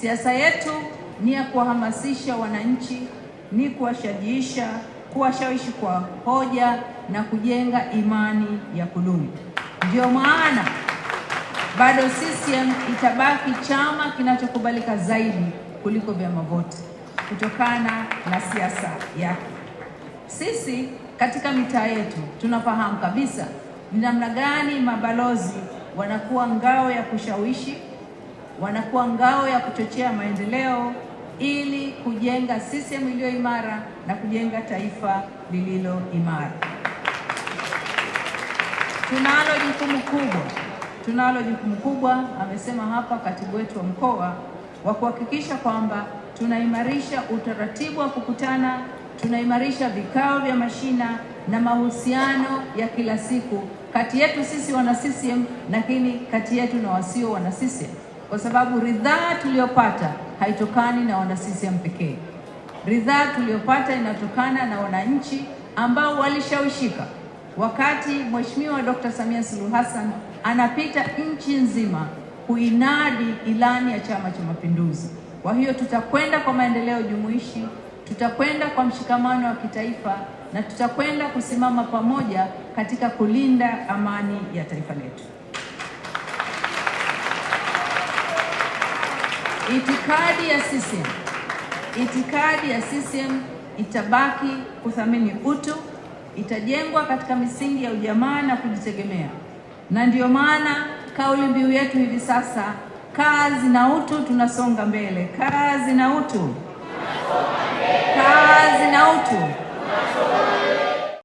Siasa yetu ni ya kuwahamasisha wananchi, ni kuwashajiisha, kuwashawishi kwa hoja na kujenga imani ya kudumu. Ndiyo maana bado CCM itabaki chama kinachokubalika zaidi kuliko vyama vyote kutokana na siasa yake. Sisi katika mitaa yetu tunafahamu kabisa ni namna gani mabalozi wanakuwa ngao ya kushawishi wanakuwa ngao ya kuchochea maendeleo ili kujenga CCM iliyo imara na kujenga taifa lililo imara. Tunalo jukumu kubwa, tunalo jukumu kubwa, amesema hapa katibu wetu wa mkoa, wa kuhakikisha kwamba tunaimarisha utaratibu wa kukutana, tunaimarisha vikao vya mashina na mahusiano ya kila siku kati yetu sisi wana CCM, lakini kati yetu na wasio wana CCM kwa sababu ridhaa tuliyopata haitokani na wana CCM pekee. Ridhaa tuliyopata inatokana na wananchi ambao walishawishika wakati Mheshimiwa Dkt. Samia Suluhu Hassan anapita nchi nzima kuinadi ilani ya Chama cha Mapinduzi. Kwa hiyo tutakwenda kwa maendeleo jumuishi, tutakwenda kwa mshikamano wa kitaifa na tutakwenda kusimama pamoja katika kulinda amani ya taifa letu. Itikadi ya CCM, itikadi ya CCM itabaki kuthamini utu, itajengwa katika misingi ya ujamaa na kujitegemea, na ndiyo maana kauli mbiu yetu hivi sasa, kazi na utu, tunasonga mbele, kazi na utu.